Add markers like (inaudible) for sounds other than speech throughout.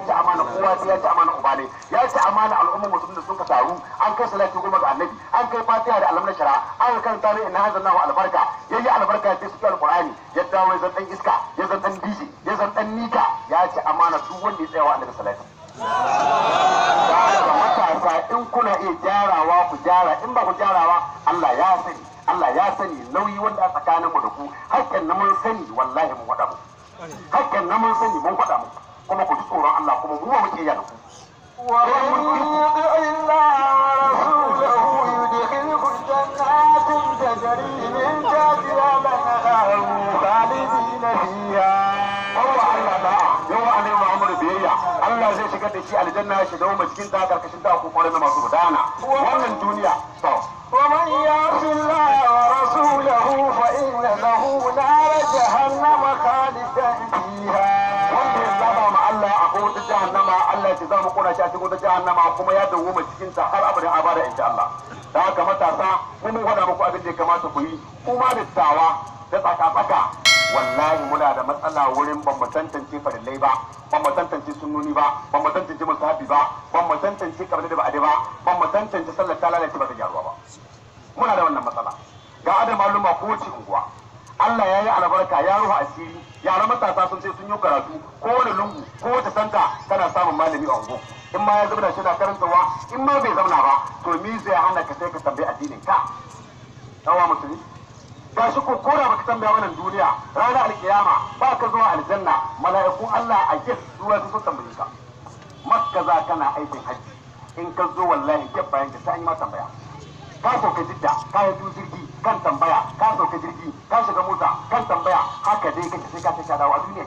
ya ci amana kowa sai ya ci amana uba ne ya ci amana al'umma musulmi da sun ka taru an kai salati goma ga annabi an kai fatiha da alamun shara an kai tare inna nahu albarka yayi albarka ya tsaya su alqur'ani ya dawo ya zan dan iska ya zan dan diji ya zan dan nika ya ci amana duk wanda ya tsaya wa annabi salati matasa in kuna iya gyarawa ku gyara in ba ku gyarawa Allah ya sani Allah ya sani nauyi wanda a tsakaninmu da ku hakkan na mun sani wallahi mun faɗa mu hakkan na mun sani mun faɗa mu kuma ku ji tsoron Allah kuma mu ba mu kiyaye da biyayya Allah zai shigar da shi aljanna ya shiga wa cikin ta karkashin ta ko kwarai masu gudana wannan duniya to wa man yasillahu wa rasul wuta jahannama kuma ya dawo mai cikin ta har abadin abada insha Allah da haka matasa mun mun faɗa muku abin da ya kamata ku yi kuma dattawa da tsaka tsaka wallahi muna da matsala wurin ban mu tantance farillai ba ban mu tantance sunnoni ba ban mu tantance musahabi ba ban mu tantance kabila da ba'adi ba ban mu tantance sallar ta lalace ba ta gyaruwa ba muna da wannan matsala ga adam maluma kowace unguwa Allah ya yi albarka ya ruha asiri yaran matasa sun ce sun yi karatu ko wani lungu ko wata santa tana samun malami a unguwa in ma ya da shi na karantarwa in ma bai zauna ba to mi zai hana ka sai ka tambayi addinin ka dawa musulmi gashi ko kora baka tambaya wannan duniya ranar alkiyama ba ka zuwa aljanna mala'ikun Allah a gif zuwa su tambaye ka makka za kana aikin hajji in ka zo wallahi gif bayan ka sai ma tambaya ka sauka jidda ka yi jirgi kan tambaya ka sauka jirgi ka shiga mota kan tambaya haka dai kake sai ka ta dawo a duniya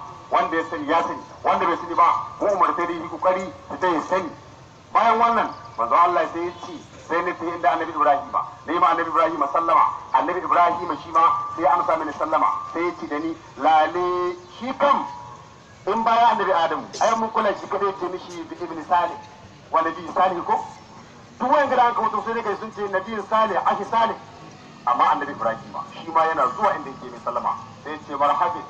wanda ya sani ya sani wanda bai sani ba ko umar sai dai yi kokari su ta ya sani bayan wannan manzo Allah sai ya ci sai ne tafi inda annabi Ibrahim ba ma annabi Ibrahim sallama annabi Ibrahim shi ma sai amsa mini sallama sai ya ci da ni lale shi kam in baya annabi Adamu ai mun kula shi kada ya ce mishi bi ibn Salih wanda bi Salih ko duk wani gida an mutu sai kai sun ce nabi Salih ahi Salih amma annabi Ibrahim shi ma yana zuwa inda yake mai sallama sai ya ce marhabin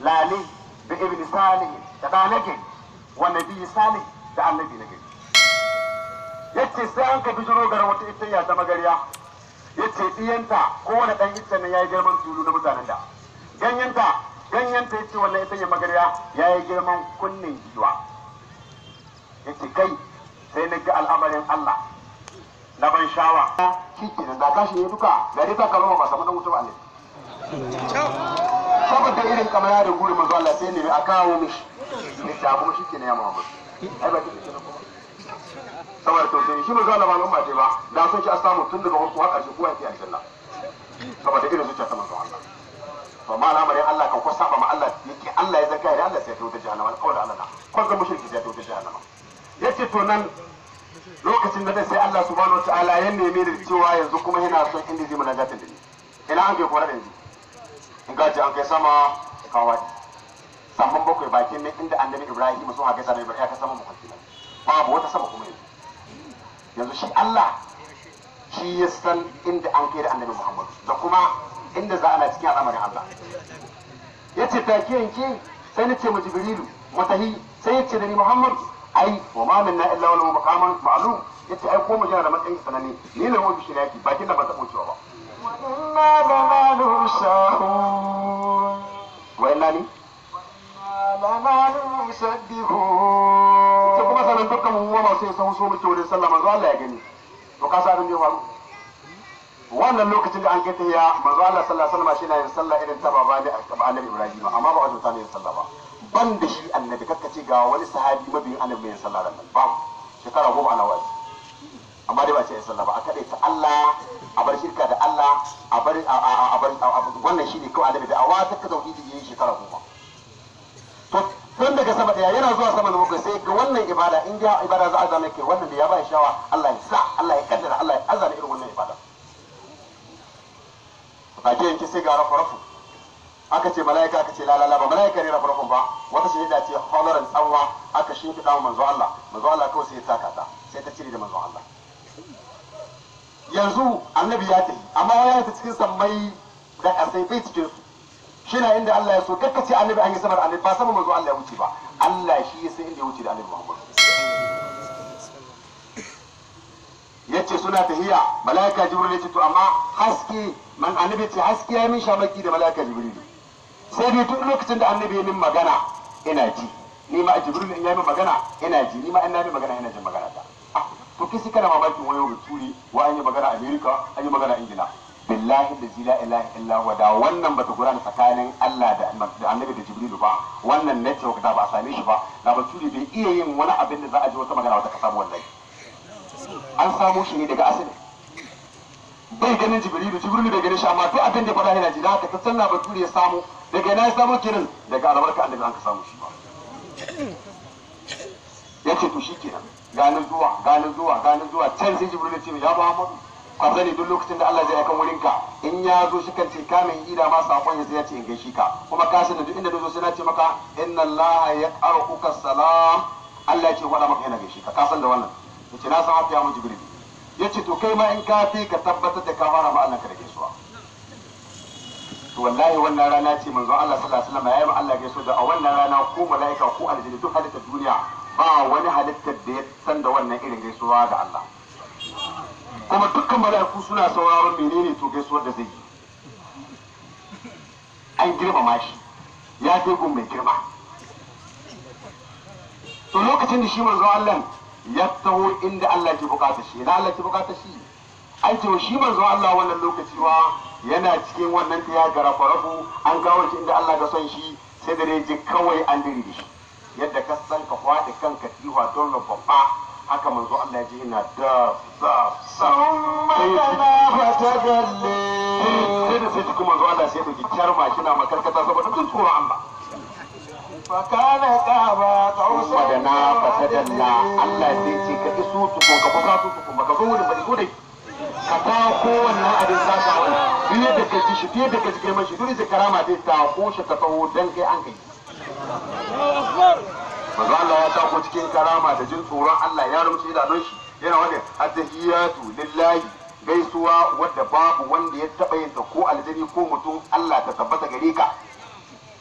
lali da ibn salih da dalake wa nabi salih da annabi na gari yace sai an ka bijiro gara wata ita ya zama gariya yace ko kowane dan ita ne yayi girman tulu na mutanen da ganyenta ya yace wannan ita ya magariya yayi girman kunnin giwa yace kai sai na ga al'amarin Allah na ban shawa kike da gashi ne duka gari ta kalma ba samu dan wuta ba ne saboda irin kamar da guri manzo Allah sai ne a kawo mishi littafi kuma ke ne ya Muhammad ai ba kike ne kuma saboda to sai shi manzo Allah ba al'umma ce ba da sun ci a samu tun daga farko har ƙarshe kowa yake aljanna saboda irin zuciya ta manzo Allah to ma al'amarin Allah kan ko saba ma Allah yake Allah ya zaka ya Allah sai ya tawo ta jahannama kawai Allah na ko ga mushriki sai ya tawo jahannama yace to nan lokacin da sai Allah subhanahu wa ta'ala ya nemi da cewa yanzu kuma yana son inda zai mana gatin da ni ina an ke kora da ni in ka ce an kai sama ya kawo saman bakwai bakin ne inda annabi ibrahim sun haka sanar ibrahim ka sama makwanci nan babu wata sama kuma yanzu yanzu shi allah shi ya san inda an kai da annabi muhammadu da kuma inda za a na cikin al'amarin allah ya ce ta yanke sai na ce ma jibrilu matahi sai ya ce da ni muhammadu ai wa ma minna illa wani makaman ma'lum yace ai ko mu jira da matsayin sanani ni ne wani shi ne yake bakin da ba ta cewa ba lalu ce kuma sanin dukkan mu wurin sallah manzo Allah ya gani to ka faru wannan lokacin da an kai tahiya manzo Allah sallallahu alaihi shi na yin sallah irin ta baba da ta annabi Ibrahim amma ba wajen sallah ba ban da shi annabi kakka ce ga wani sahabi mabiyin annabi mai sallah da ba shekara goma ana wa'azi amma dai ba ce sallah ba a kaɗai ta Allah a bar shirka da Allah a bar a bar wannan shine kawai annabi da awa ta tauhidi yayin shekara goma to tun daga sama daya yana zuwa sama da bakwai sai ga wannan ibada in ga ibada za a zama ke wannan da ya ba shawa Allah ya sa Allah ya kaddara Allah ya azana irin wannan ibada ba ke yanki sai ga rafa rafu aka ce mala'ika aka ce lalala ba mala'ika ne rafa rafun ba wata shi da ce holaran tsanwa aka shi fi dawo manzo Allah manzo Allah kawai sai ya taka ta sai ta cire da manzo Allah yanzu annabi ya tafi amma ya ta cikin sammai da kasai bai cikin su shi na inda Allah ya so kakka ce annabi an yi sanar annabi ba sama mazu Allah ya wuce ba Allah shi ya sai inda ya wuce da annabi Muhammad ce suna tahiya malaika jibril ce to amma haske man annabi ce haske ya yi min shamaki da malaika jibril sai dai duk lokacin da annabi ya min magana ina ji ni ma jibril in ya min magana ina ji ni ma ina min magana ina jin magana ta to kai sai kana mamaki wani turi wa an yi magana Amerika, an yi magana ingila billahi da zila ilaha illa wa da wannan bata gurana tsakanin Allah da annabi da jibrilu ba wannan network da ba a same shi ba da turi bai iya yin wani abin da za a ji wata magana wata kasa wallahi an samu shi ne daga asali bai ganin jibrilu jibrilu bai ganin shi amma duk abin da faɗa yana ji da haka ta sanna turi ya samu daga na ya samu kirin daga albarka annabi an ka samu shi ba yace to shikenan zanu zuwa zanu zuwa zanu zuwa can sai jibril ya ce ya mu ka sani duk lokacin da Allah zai aika wurin ka in ya zo shi kan ce ka min ida ma sakon ya sai ya ce in gaishe ka kuma ka sani duk inda zo sai na ce maka inna Allah ya qaruka salam Allah ya ce wada maka yana gaishe ka ka san da wannan yace na san afiya mu jibril yace to kai ma in ka fi ka tabbatar da ka fara ba Allah ka rage suwa to wallahi wannan rana ce manzo Allah sallallahu alaihi wasallam ya yi ma Allah gaisuwa da a wannan rana ko mala'ika ko aljini duk halitta duniya ba wani halittar da ya san da wannan irin gaisuwa ga Allah kuma dukkan mala'iku suna sauraron menene to gaisuwar da zai yi an girma shi ya tegun mai girma to lokacin da shi manzon Allah ya taho inda Allah ke bukata shi idan Allah ke bukata shi An to shi manzon Allah wannan lokaci wa yana cikin wannan ta ya gara farafu an kawo shi inda Allah ga son shi sai da ne ji kawai an diri da shi yadda ka san ka kwaɗe kanka tiwa don ba, haka manzo Allah ji yana da sa sa sai da sai kuma manzo Allah sai ɗauki kyar makina makarkata saboda duk tsoron Allah فكان قاب قوس ودنا فتدلى Allah zai ce ka su tukun ka kusa tukun ka zo wurin bari gudai ka tako kowanne abin ka wani duk da ka ji shi fiye da ka ji kai mashi duk da karama zai ko shi ka tsawo, dan kai an kai manzo Allah ya sako cikin karama da jin tsoron Allah ya rumshi idanun shi yana wanda attahiyatu lillahi gaisuwa wadda babu wanda ya taba yin ta ko aljani ko mutum Allah ta tabbata gare ka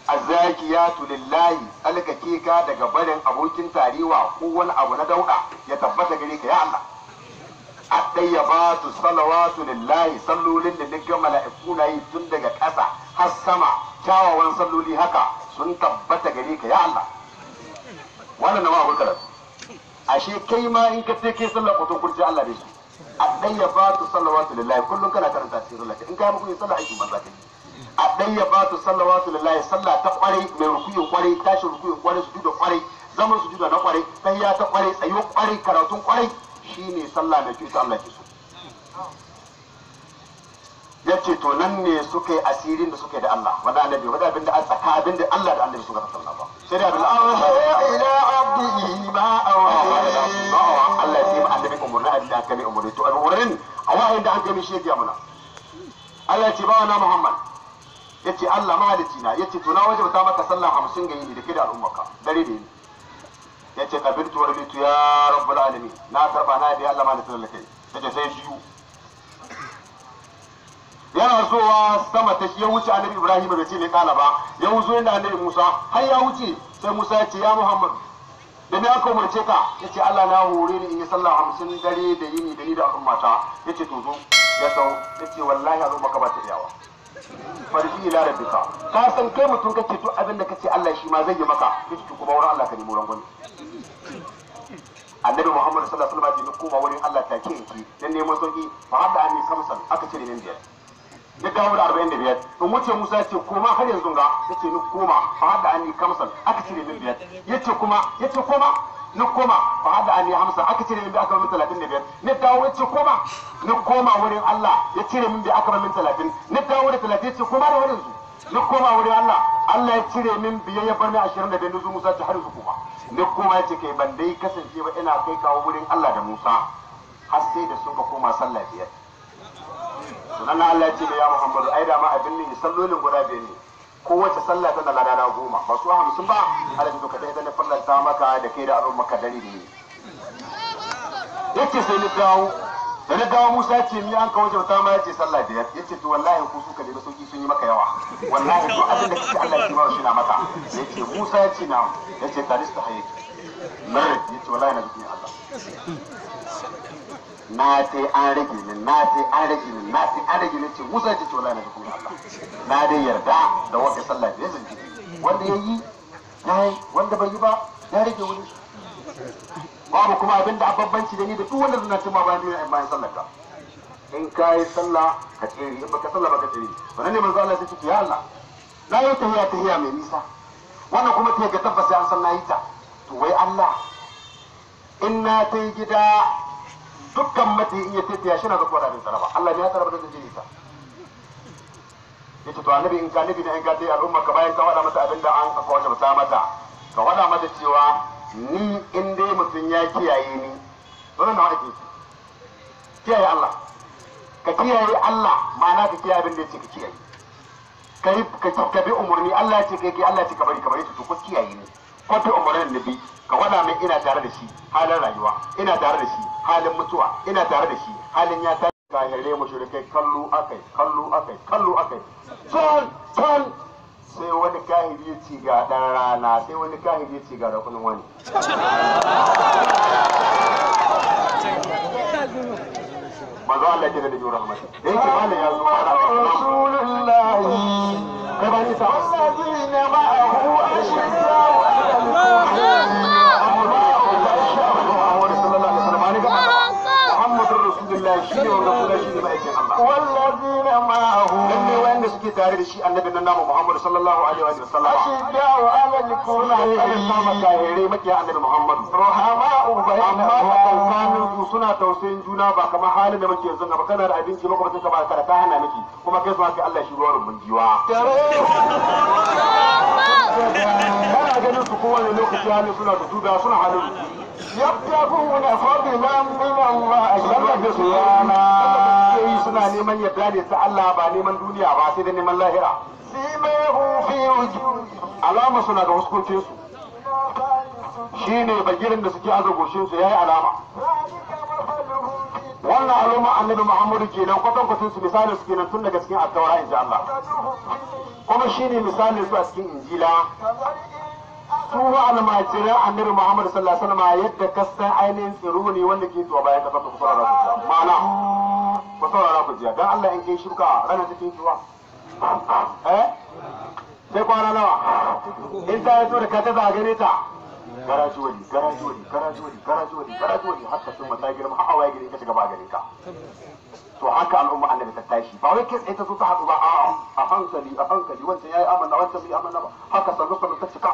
azzakiyatu lillahi alkake ka daga barin abokin tarewa ko wani abu na dauda ya tabbata gare ka ya Allah attayyabatu salawatu lillahi sallolin da dukkan mala'iku na yi tun daga ƙasa har sama kyawawan salloli haka sun tabbata gare ka ya Allah wannan na ma'abul kalam ashe kai ma in ka ce ke sallar kutun kurji Allah da shi addayya ba tu sallawatu lillahi kullum kana karanta sirrin laka in ka muku yin sallah aikin banza kai addayya ba tu sallawatu lillahi sallah ta kware mai rukuyin kware tashin rukuyin kware su da kware zaman su da na kware sai ta kware tsayo kware karatun kware shine sallah da ke Allah ke so ya ce to nan ne suka yi asirin da suka da Allah wanda annabi wanda abinda an tsaka abinda Allah da annabi suka tattauna ba sai da Allah ila abdihi ma awa Allah ya ce ma annabi umurna abin da aka mai umurni to al'urin a wahayin da aka mai shi ya muna Allah ya ce ba na Muhammad ya ce Allah mahalici na ya ce to na wajabta maka sallah hamsin ga yini da ke da al'ummarka dare da yini ya ce kabirtu wa rabitu ya rabbul alamin na karba na biya Allah mahalici da kai ya ce sai biyu yana zowa sama ta ya wuce annabi ibrahim bai ce mai kala ba ya wuzo inda annabi musa har ya wuce sai musa ya ce ya muhammad da me aka umarce ka ya ce allah na hore ni in yi sallah hamsin dare da yini da ni da ta ya ce to zo ya sau ya ce wallahi al'umma ka ba ta riyawa farji ila rabbika ka san kai mutum kake to abin da kace allah shi ma zai yi maka ya ce kuma wurin allah ka nemi rangwani annabi muhammad sallallahu alaihi wasallam ya koma wurin allah take yake dan neman sauki fa hada ani kamsan aka ce ne biyar ya dawo da arba'in da biyar in wuce musa ya ce koma har yanzu ga ya ce ni koma ba hada an yi kamsan aka cire min biyar ya ce kuma ya ce koma ni koma ba hada an yi hamsa aka cire min biyar aka min talatin da biyar ni dawo ya ce koma ni koma wurin allah ya cire min biyar aka min talatin ni dawo da talatin ya ce koma da har ni koma wurin allah allah ya cire min biyar ya bar ni ashirin da biyar ni musa ya ce har yanzu koma ni koma ya ce kai ban dai kasance ba ina kai kawo wurin allah da musa har sai da suka koma sallah biyar na Allah ya ce da ya Muhammadu ai da ma abin ne sallolin guda biyar ne kowace sallah tana lada rana goma ba su hamsin ba Allah to ka dai ne fallan ta maka da kai da abin maka dari ne yake sai ni dawo da ni dawo Musa ce ni an kawo jauta ma yace sallah biyar yace to wallahi ku suka da sauki sun yi maka yawa wallahi duk abin da kike Allah ya ba shi na maka yace Musa ya ce na yace karista hayyaki mai yace wallahi na ji Allah na sai an rage ni na sai an rage ni na sai an rage ni ce musa ce to lana ga Allah na dai yarda da wanda sallah bai zan zanci wanda yayi yi wanda bai yi ba ya rage wani babu kuma abin da ababbanci da ni da duk wanda zan tuma bayan ne bayan sallar ka in ka yi sallah ka tsiri in baka sallah baka tsiri wannan ne manzo Allah sai ce ya Allah na yi tahiya tahiya mai nisa wannan kuma ta ga tabbas ya san na yi ta to wai Allah in na ta gida dukkan mace iya tafiya shi na zakuwa da tsara ba Allah ya tsara ba da jini ta yace to annabi in ka nabi da in ka dai al'umma ka bayan ka wada mata abin da an ka wata ba mata ka wada mata cewa ni in dai mutum ya kiyaye ni wannan nawa ake kiyaye Allah ka kiyaye Allah ma'ana ka kiyaye abin da yake ka kiyaye kai ka bi umarni Allah ya ce kai Allah ya ce ka bari ka bari to ko kiyaye ni fata umarin nabi ka wada min ina tare da shi halin rayuwa ina tare da shi halin mutuwa ina tare da shi halin ya ta kahirai mushrikai kallo akai kallo akai kallo akai ton ton sai wani kahiri ya ci ga dan rana sai wani kahiri ya ci ga rakunin wani manzo Allah ke da dabi rahmat da yake malam ya zo mana rasulullahi kai ba ni sa wanda suke tare da shi annabi nan namu Muhammad sallallahu alaihi wa sallam Ashe ya wa alal kuna ya ma kahire makiya annabi Muhammad rahama'u ubayna amma kalmanu suna tausayin juna ba kamar halin da muke yanzu ba kana da abinci maka mutum ka ba ka ta hana miki kuma kai zuwa ga Allah shi ruwan mun jiwa kana ganin su kowane lokaci halin suna da duda suna halin na fadlan min Allah jalla bi suna neman yadda ne ta Allah ba neman duniya ba sai da neman lahira alama suna ga huskocin su ne bagirin da suke aza goshin su yi alama wannan alama annabi Muhammadu kenan kwatan kwatan su misalin su nan tun daga cikin in ji Allah kuma ne misalin su a cikin injila su almajiran annabi Muhammad sallallahu alaihi wasallam yadda ka san ainihin tsiro ne wanda ke zuwa bayan kasar ku saurara ku ma'ana ku saurara ku jiya dan Allah in kai shuka ranar take zuwa eh sai kwana nawa in ta yato da ka ta zagare ta garaji wani garaji wani garaji wani garaji wani garaji wani haka sun mata girma har awaye gari ka shiga ba garin ka to haka al'umma annabi ta tashi ba wai kai tsaye ta zo ta haɗu ba a hankali a hankali wancan yi amanna wancan bai amanna ba haka sallallahu alaihi ta cika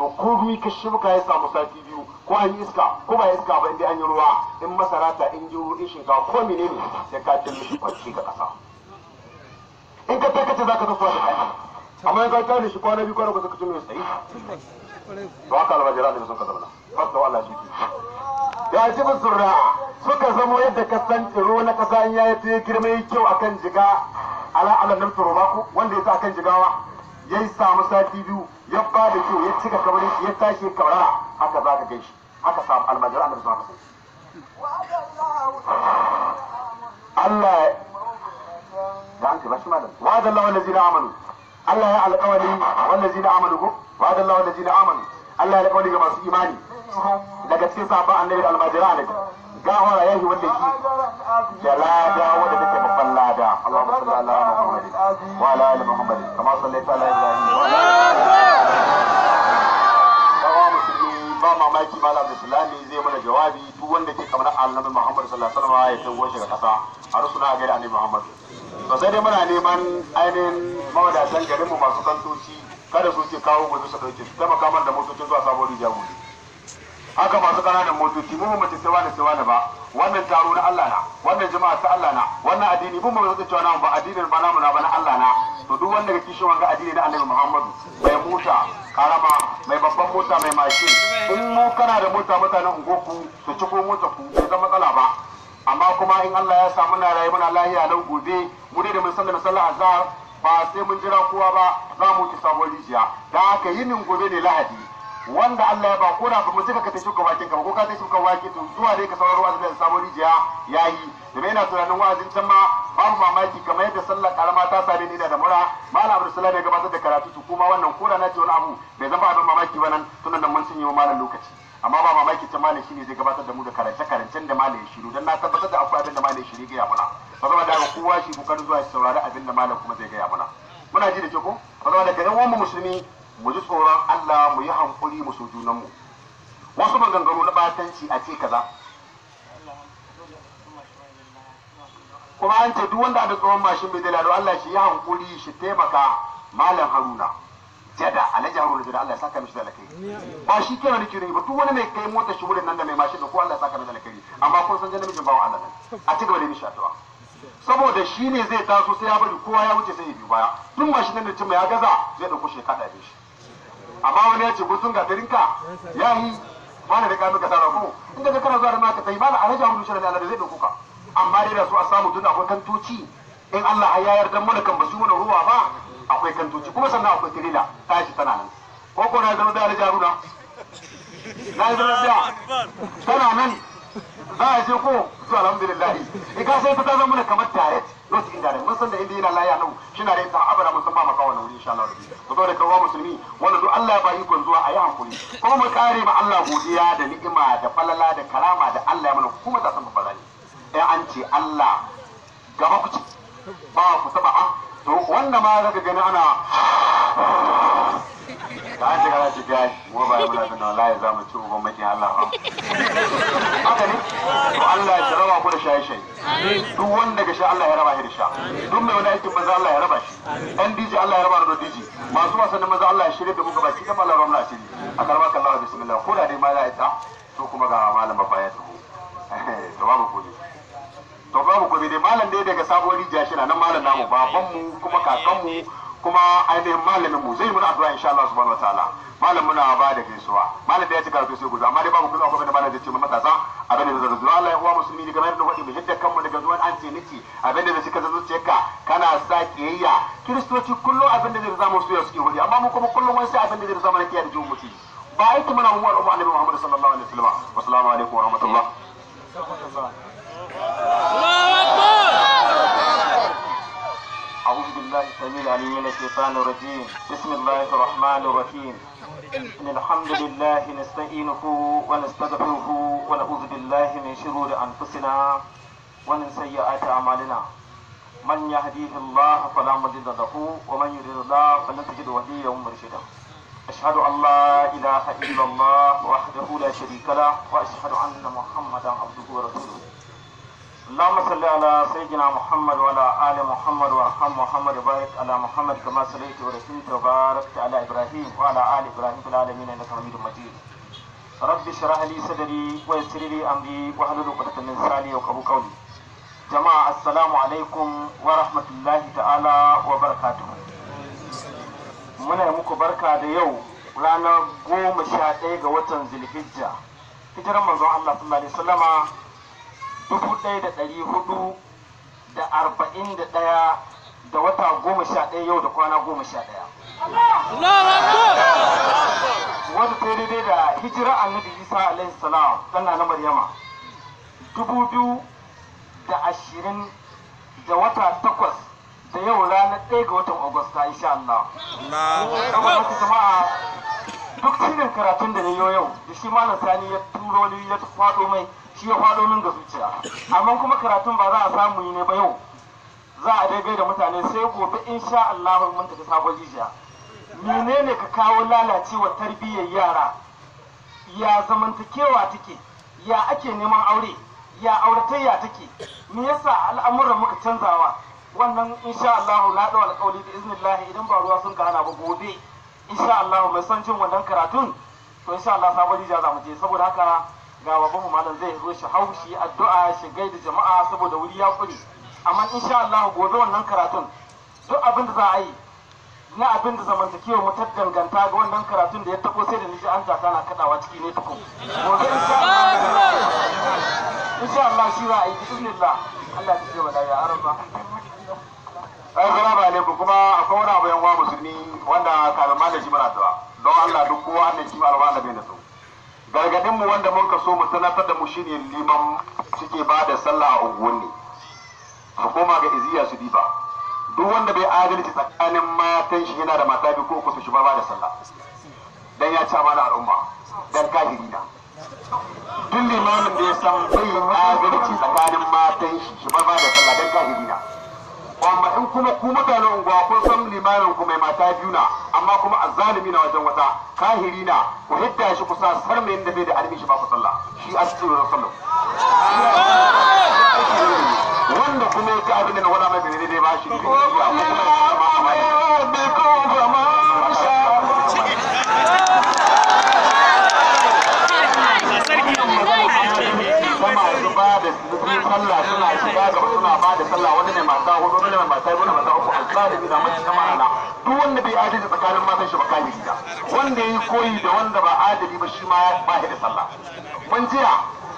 to komi ka shibka ya samu sati biyu ko an yi iska ko ba iska ba inda an yi ruwa in masara ta in ji in shinkafa ko mene ne ya ka tilla shi kwanci ga kasa in ka ta kace zaka tafi da kai amma in ka tilla shi kwana biyu kwana ko zaka tilla sai to haka almajira da sun ka zama fasta wallahi shi ya ji surra suka zamo yadda ka san tsiro na kasa in ya yi girma yi kyau akan jiga ala ala nan turo wanda ya sa akan jigawa ya yi samu sati biyu ya ba da kyau ya cika kamar ya tashi kamar haka za ka gan haka samu almajiran annabi sallallahu alaihi Allah ya ce bashi malam wa'ada Allah wallazina amanu Allah ya alƙawari wallazina amanu ko wa'ada Allah wallazina amanu Allah ya alƙawari ga masu imani daga cikin sahabban annabi almajiran annabi gahara yayi wanda shi da lada wanda take babban lada Allahumma salli ala Muhammad wa ala ali Muhammad kama sallaita ala Ibrahim wa ala ba mamaki malam da sulami zai mana jawabi duk wanda ke kamar annabi Muhammad sallallahu alaihi wasallam ya tawo shi ga kasa har suna ga annabi Muhammad to sai dai muna neman ainihin mawadatan mu masu kantoci kada su ce kawo mu su dauke su taimaka mana da motocin zuwa sabon rijiya mu haka masu ƙananan motoci mu mace sai wani sai wani ba wannan taro na Allah na wannan jama'a ta Allah na wannan addini mu ba zai cewa ba addinin ba namu na ba na Allah na to duk wanda ga kishin wanga addini na Annabi Muhammadu mai mota karama mai babban mota mai mashi in mu kana da mota mutanen ungoku su ciko mota ku bai zama matsala ba amma kuma in Allah ya samu na rayu muna lahiya nan gobe mu ne da mun sallama sallah azhar ba sai mun jira kowa ba za mu ci sabon rijiya da haka yinin gobe ne lahadi wanda Allah ya ba ko da ba mu ka tashi ka wake ka ko ka tashi ka wake to zuwa dai ka sauran wa'azi da samu rijiya yayi da bai na tunanin wa'azin can ma babu mamaki kamar yadda sallar karama ta same ni da mura malam abu sallar ya gabatar da karatu su kuma wannan ko da na ce wani abu bai zama abin mamaki ba nan tunan nan mun sun yi wa malam lokaci amma ba mamaki can malam shine zai gabatar da mu da karance karancen da malam ya shiru dan na tabbatar da akwai abin da malam ya shiru ga ya muna saboda kowa shi kokarin zuwa shi saurari abin da malam kuma zai ga ya muna muna ji da ke ko zama da yan wani musulmi tsoron Allah mu yi hankuri mu su junanmu wasu maganganu na batanci a ce kaza kuma an ce duk wanda aka tsohon mashin bai dala Allah shi yi hankuri shi taimaka malam haruna jada alhaji haruna jada Allah ya saka mishi da ba shi kenan nake kiri ba duk wani mai kai mota shi wurin nan da mai mashin da ko Allah ya saka mishi da amma kun san namijin bawa Allah ne, a cigaba da yin shatuwa saboda shi ne zai taso sai ya bari kowa ya wuce sai ya biyu baya duk mashin da cimma ya gaza zai ɗauko shekara ya kada shi amma wani ya ce gutun gatarin ka ya yi mana da kamin ka tara ko in ka kana zuwa da maka tai mala alhaji abu shirin Allah zai dauko ka amma dai da su a samu tun akwai kantoci in Allah ya yarda mana kan basu wani ruwa ba akwai kantoci kuma sannan akwai tirila ta shi tana nan ko ko na zama da alhaji haruna na zama da tana nan za a je ko to alhamdulillah in eh, ka sai ta zama mana kamar tayet lokacin da mun san da inda yana laya nan shi na da yasa abada mun san ba makawa wuri insha Allah to saboda kawo musulmi wanda duk Allah ya bayi kun zuwa ayi hankuri kuma mu kare ma Allah godiya da ni'ima da falala da karama da Allah ya mana kuma ta san ba fara eh, an ce Allah gaba ku ci ba ku taba ah, to wanda ma zaka gani ana ta an shiga zaki biya mu ba mu lafi na wallahi za mu ci uban makin Allah ha haka ne to Allah ya raba ku da shaye shaye duk wanda ga sha Allah ya raba shi da sha duk mai wani aikin maza Allah ya raba shi dan DJ Allah ya raba da DJ masu wasannin maza Allah ya shirya da muka baki kamar Allah ramla shi a karba kallawa bismillah ko da dai ma za a ta to kuma ga malam babba ya tafi eh, to babu kudi to babu gobe dai malam dai daga sabuwar rijiya shi na nan malam namu baban mu kuma kakan mu kuma ainihin malamin mu zai muna addu'a insha Allah subhanahu wataala malam muna ba da gaisuwa malam da ya ci karatu sai guza amma dai babu kuma akwai da malam zai ce matasa abin da zai zuwa Allah ya huwa musulmi daga mayar da wadi mu hidda kanmu daga zuwan an ce niki abin da suka zai zuciyarka kana sa kiyayya kiristoci kullum abin da zai zama su ya suke wuri amma mu kuma kullum wani sai abin da zai zama na kiyar jiwu mutum ba aiki muna mu wa al'umma annabi Muhammad sallallahu alaihi wasallam wassalamu alaikum wa rahmatullah أعوذ بالله السميع العليم من الشيطان الرجيم بسم الله الرحمن الرحيم إن الحمد لله نستعينه ونستغفره ونعوذ بالله من شرور أنفسنا ومن سيئات أعمالنا من يهديه الله فلا مضل له ومن يضلل الله فلن تجد وليا مرشدا أشهد أن لا إله إلا الله وحده لا شريك له وأشهد أن محمدا عبده ورسوله اللهم صل على سيدنا محمد وعلى ال محمد وارحم محمد وبارك على محمد كما صليت ورسمت وباركت على ابراهيم وعلى ال ابراهيم في العالمين انك حميد مجيد رب اشرح لي صدري ويسر لي امري واحلل عقدة من لساني يفقهوا قولي جماعه السلام عليكم ورحمه الله تعالى وبركاته muna muku بركه da yau ranar goma sha ɗaya ga watan zulhijja hijiran manzon Allah sallallahu alaihi wasallama dubu ɗaya da ɗari hudu da arba'in da ɗaya da wata goma sha ɗaya yau da kwana goma sha ɗaya. Wata ta da hijira annabi Isa alaihi salam ɗana na Maryama dubu biyu da ashirin da wata takwas da yau ranar ɗaya ga watan Agusta insha Allah. jama'a duk shirin karatun da na yau da shi malam sani ya turo ya faɗo mai shi ya faɗo min ga zuciya amma kuma karatun ba za a samu yi ne ba yau za a daidai da mutane sai gobe sha Allah mun ta sabon jijiya menene ka kawo lalacewa tarbiyyar yara ya zamantakewa take ya ake neman aure ya auratayya take me yasa al'amuran muka canzawa wannan insha Allah na dawo alƙawari da iznillah idan ba ruwa sun kana ba gobe insha Allah mai son jin wannan karatun to insha Allah sabon jijiya za mu je saboda haka ga babanmu malam zai zo shi haushi addu'a shi gaida jama'a saboda wuri ya kure amma insha Allah gobe wannan karatun duk abin da za a yi na abin da zamantakewa mu ta danganta ga wannan karatun da ya tabo sai da niji an jaka na kadawa ciki ne tukun gobe insha Allah insha Allah shi za a yi bismillah Allah ya tsaya da ya araba Assalamu alaikum kuma akwai wani abu yan uwa musulmi wanda kalma da shi mara don Allah duk kowa ne shi malama da bai da su gargadin mu wanda mun kaso mu sanatar da mu shine liman suke ba da sallah a unguwanni su koma ga iziya su diba duk wanda bai adalci tsakanin matan shi yana da mata biyu ko uku su shi ba da sallah dan ya ci amana al'umma dan kahiri na duk limanin da ya san bai adalci tsakanin matan shi shi ba da sallah dan kahiri na amma in kuma ku mutanen unguwa kun san limamin ku mai mata biyu na amma kuma azzalimi na wajen wata kahiri na ku hidda shi kusa mai da bai da alimi shi ba ku sallah shi asiru na sallah wanda kuma ya ci abin da na wada mai daidai ba shi ne suna shiga gaba suna ba da sallah wani ne mata hudu wani mai mata biyu mata uku alƙalimi da mace ta marana duk wanda bai adalci tsakanin matan shi ba kafiri da wanda yayi koyi da wanda ba adali ba shi ma ba shi da sallah mun jiya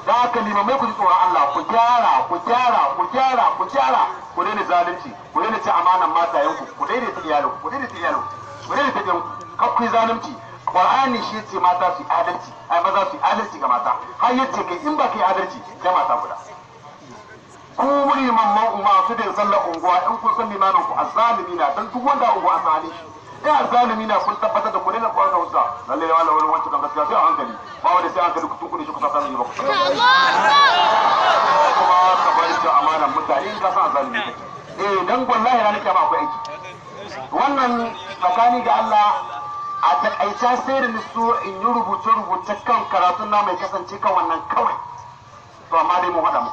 da aka haka limamai ku ji tsoron Allah ku gyara ku gyara ku gyara ku gyara ku daina zalunci ku daina ci amanan matayenku ku daidaita iyalinku ku daidaita iyalinku ku daidaita jan kakkun zalunci Qur'ani shi yace mata su adalci ai maza su adalci ga mata har yace kai in ba kai adalci da mata guda ku wuri mamman umma su da sallar unguwa in kun san limanin ku azzalimi na dan duk wanda unguwa sani shi ya azzalimi na kun tabbatar da ku daina kwana hausa lalle ya wala wani wancan kan gaskiya sai a hankali ba wanda sai a hankali ku tukune shi ku sasa ne ba ku kuma ka bari ta amana mutane in ka san azzalimi eh dan wallahi na nake ba akwai aiki wannan tsakani ga Allah a takaita sai da nisu in yi rubuce-rubuce kan karatun na mai kasance kan wannan kawai to amma dai mu haɗa mu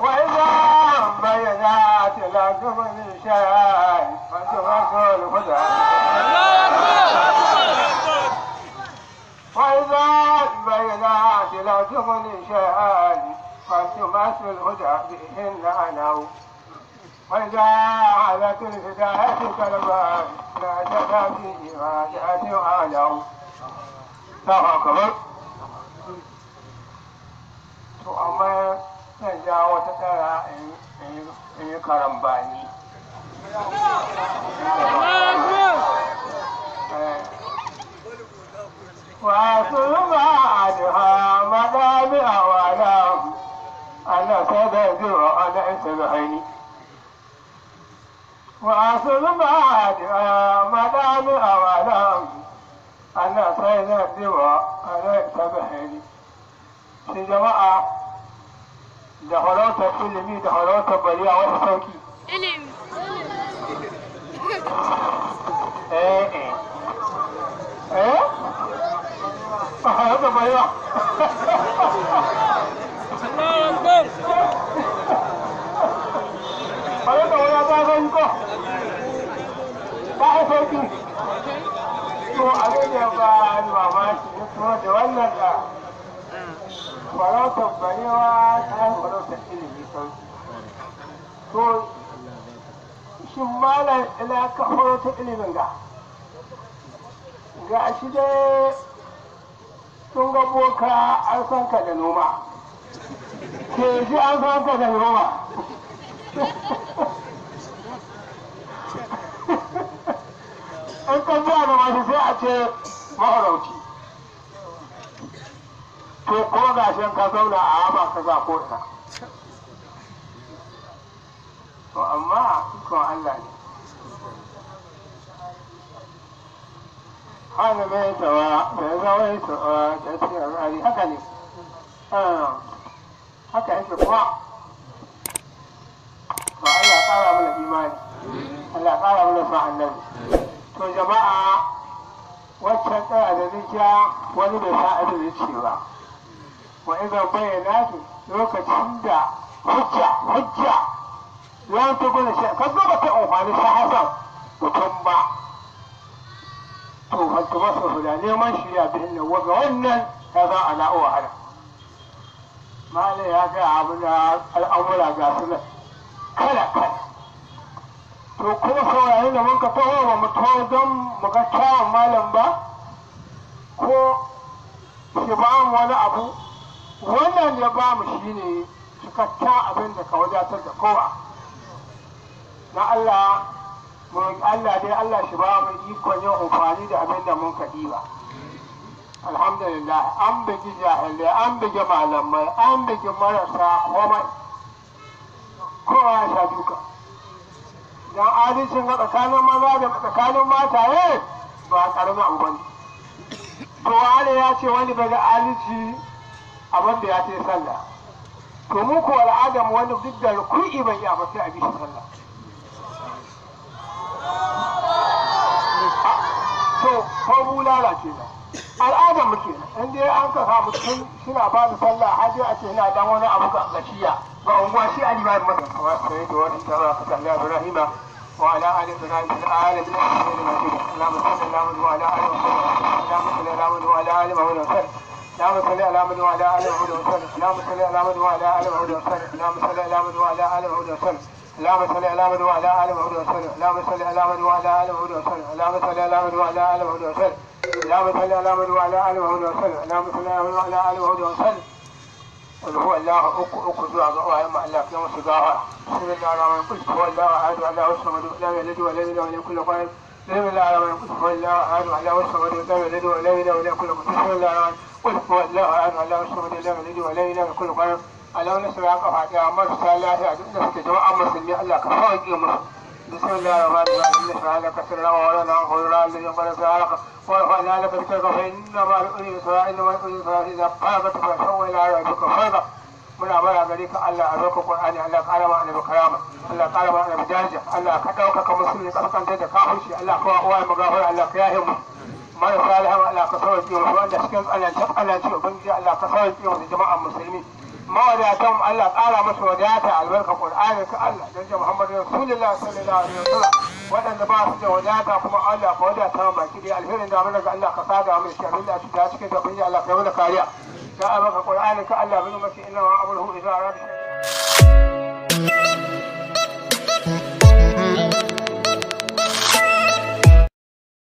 وإذا بينات لكم الشيء فتمسوا الهدى وإذا بينات لكم الشيء فتمسوا الهدى بهن أنو وإذا علت الهداية كلمان لا جدا فيه ما جاءت وأنو الله أكبر to na ja wata tara in yi karambani wasu ba a duha madami a wada ana sada zuwa ana isa da haini wasu ba a duha madami a wada ana sada zuwa ana isa da haini shi jama'a da farautar ilimi da farautar bari a wasu sauki ilimi eh eh eh farautar bari to abin da ba ni mamaki ya da wannan da farautar barewa ta yi farautar ilimi kan to shi malar ina ka farautar ilimin ga ga shi dai sun ga boka an san ka da noma ke ji an san ka da noma (laughs) an kan ba da masu sai a ce maharauci ko ko gashin ka zauna a haba ka sa ko ina to amma ikon Allah ne hana mai tawa da ya zawai tawa da ya ce a rari haka ne ah, haka yake kuma to Allah ya kara mana imani Allah ya kara mana sa annabi to jama'a waccan tsaya da rijiya wani bai sa abin da ce ba wa iza bayyana lokacin da hujja hujja ya ta gwada shi ka gaba ta amfani shi hasan mutum ba to hatta masa da neman shi ya bihin nan waga wannan ya za a na'uwa hana mala ya ga abu da al'amura ga su nan kala kala to kuma saurari da muka taho ba mu taho don mu ga kyawun malam ba ko shi ba wani abu wannan ya ba mu shine cikakken abin da ka wadatar da kowa na Allah mu Allah dai Allah shi ba mu ikon yin amfani da abin da mun kaɗi ba alhamdulillah an bugi jahilai an bugi malamai an bugi marasa homai kowa ya sha duka don adalcin ga tsakanin maza da tsakanin mata ba ƙaramin abu Kowa to ya ce wani bai da adalci a wanda ya ce sallah to mu ko al'adam wani duk da ruku'i bai yi ba sai a bi shi sallah to fa bulala na, al'adar muke na. in dai an ka samu tun suna ba da sallah har dai a ce ina dan wani abu ga gashiya Ba unguwa shi ali bai masa kamar sai da wani tsara ka sallah ibrahima wa ala ali ibrahim fil alamin innaka hamidum majid allahumma salli ala muhammad da ala ali muhammad wa ala ali muhammad wa ala da muhammad اللهم صل على من وعلى اله وصحبه وسلم اللهم صل على من وعلى اله وصحبه وسلم اللهم صل على من وعلى اله وصحبه وسلم اللهم صل على من وعلى اله وصحبه وسلم اللهم صل على من وعلى اله وصحبه وسلم اللهم صل على من وعلى اله وصحبه وسلم اللهم صل على من وعلى اله وصحبه وسلم اللهم صل على من وعلى اله وصحبه وسلم قل هو الله أكد وأعضاء مع الله في يوم الصداعة بسم الله الرحمن الرحيم قل هو الله أحد ولا الصمد لم يلد ولم يولد ولم يكن له قائم بسم الله الرحمن قل هو الله أحد ولا الصمد لم يلد ولم يولد ولم يكن له قائم بسم الله الرحمن قل هو الله احد الله الصمد لم يلد ولم يولد كل قرب الا نسمعك فاتحه امر الله يا جنة جماعة مسلمين الله كفاك يمر بسم الله الرحمن الرحيم نشرح لك سرنا وولنا وخيرا الذي قد سعرك ورفعنا لك ذكرك فانما الاولي اسرائيل والاولي اسرائيل اذا قامت فسوى الى ربك فرضا من عمل عليك ألا أبوك القرآن الله قال ما أنا بكرامة الله قال ما أنا بجاجة ألا كتوك كمسلم كفكان تدك أخشي الله كوا أواي ألا الله man kala hawa Allah ka sauke musu wanda suke tsananta tsananta ubangiji Allah ka sauke musu jama'an musulmi mawadatan Allah ƙara musu wadata albarka Qur'ani ka Allah don ji Muhammadu Rasulullah sallallahu alaihi wasallam waɗanda ba su da wadata kuma Allah ka wadata ma baki dai alherin da mun daga Allah ka sada mu shi abinda ta yi mana kariya ka abaka Qur'ani ka Allah bin mace inna